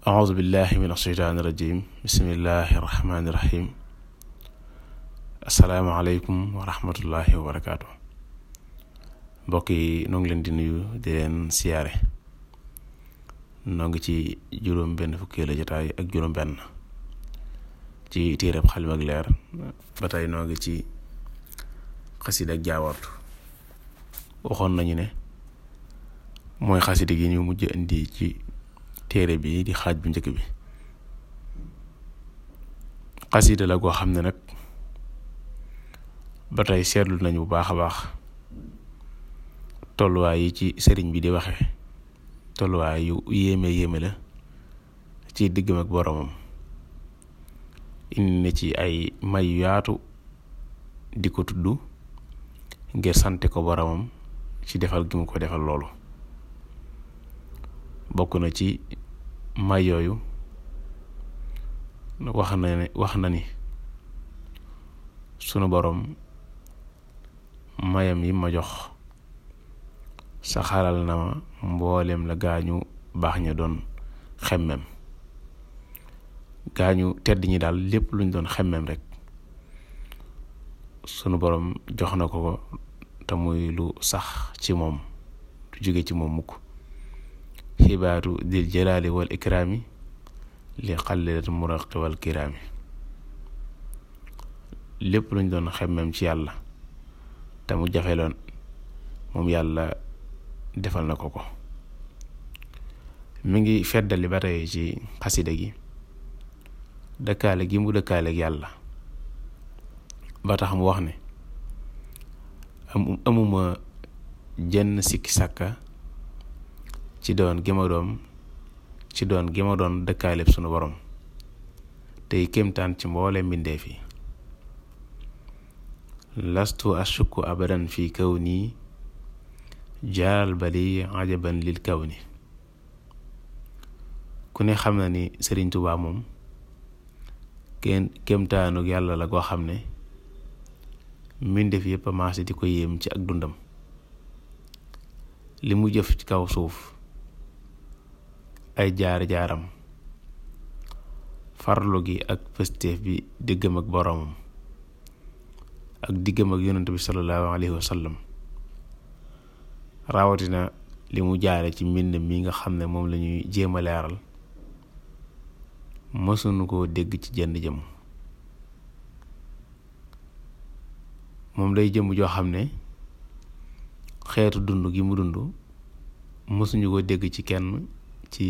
audu billahi min asheytaani bismillahi irrahmaani irrahim asalaamaaleykum wa rahmatullahi wa barakaatu mbokk yi noo leen di nuyu di leen siyaare noo ngi ci juróom benn fukki la jotaay ak juróom benn ci téereb Xalimag Leer ba tey ngi ci xasida ak jaawartu waxoon nañu ne mooy xasida gi ñu mujj indi ci téere bi di xaaj bu njëkk bi xasida la goo xam ne nag ba tey seetlu nañu bu baax a baax tolluwaay yi ci sëriñ bi di waxe tolluwaay yu yéeme yéeme la ci diggam ak boromam indi na ci ay may yaatu di ko tudd ngir sante ko boromam ci defal gi mu ko defal loolu bokk na ci may yooyu wax na ne wax na ni sunu boroom mayam yi ma jox saxaaral na ma mbooleem la gaañu baax ña doon xemmem gaañu tedd ñi daal lépp luñ doon xemmem rek sunu boroom jox na ko ko te muy lu sax ci moom du jóge ci moom mukk xibaatu dil jalaali wal ikraami li xallilat muraqi wal kiraami lépp luñ doon xemmem ci yàlla te mu jafe loon moom yàlla defal na ko ko mu ngi feddali ba tey ci xasida gi dëkkaale gi mu dëkkaaleeg yàlla ba tax mu wax ne amuma jenn sikki sàkka ci doon gi ma ci doon gi ma doon dëkkaaleb sunu borom tey kéemtaan ci mboole mbindeef yi lastu ashuku abadan fi kaw nii jaaral bali ajaban lil kaw ni ku ne xam na ni Sëriñ Tuubaa moom kenn kéemtaanug yàlla la goo xam ne mbindeef yépp a di ko yéem ci ak dundam li mu jëf ci kaw suuf ay jaar-jaaram farlu gi ak pëstéef bi diggam ak boroomam ak diggam ak yonent bi sallallahu alayhi wa sallam rawatina li jaare ci mbind mi nga xam ne moom lañuy ñuy jéem a leeral mësuñu koo dégg ci jenn jëm moom day jëm joo xam ne xeetu dund gi mu dund mësuñu koo dégg ci kenn ci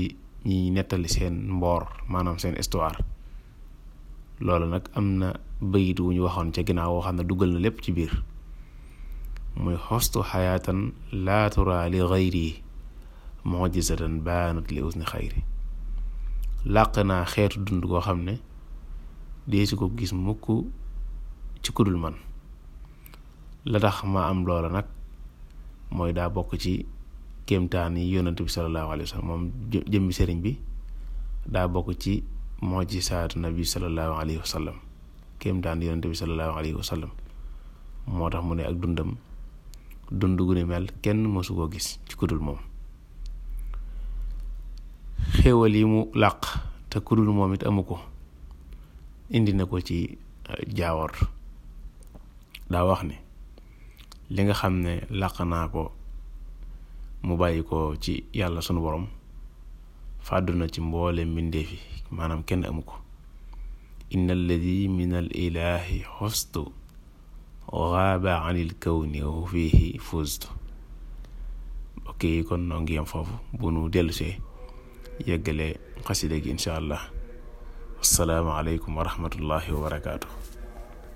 ñiy nettali seen mboor maanaam seen histoire loolu nag am na bayit wu ñu waxoon ca ginnaaw woo xam ne dugal na lépp ci biir muy xostu xayaatan laa tura li xayri mojisatan baanat li usni xayri làq naa xeetu dund koo xam ne dee si ko gis mukk ci kudul man la tax ma am loola nag mooy daa bokk ci kéemtaan yi yonent bi salallaahu alayhi wa moom jëmmi sëriñ bi daa bokk ci moo ci saatu nabi salallaahu alayhi wa sallam kéemtaan yonent bi salallaahu alayhi wa moo tax mu ne ak dundam dund gu mel kenn mësu koo gis ci kudul moom xéewal yi mu làq te kudul moom it amu ko indi na ko ci uh, jaawar daa wax ne li nga xam ne làq naa ko mu bàyyi ko ci yàlla sunu borom fàddu na ci mboole mbindeef yi maanaam kenn amu ko inna alladi min al ilaahi xustu fii anil kawni wa mbokk yi kon noo ngi yam foofu bunu nu dellusee yeggale xasida gi allah assalaamu aleykum wa rahmatullahi wa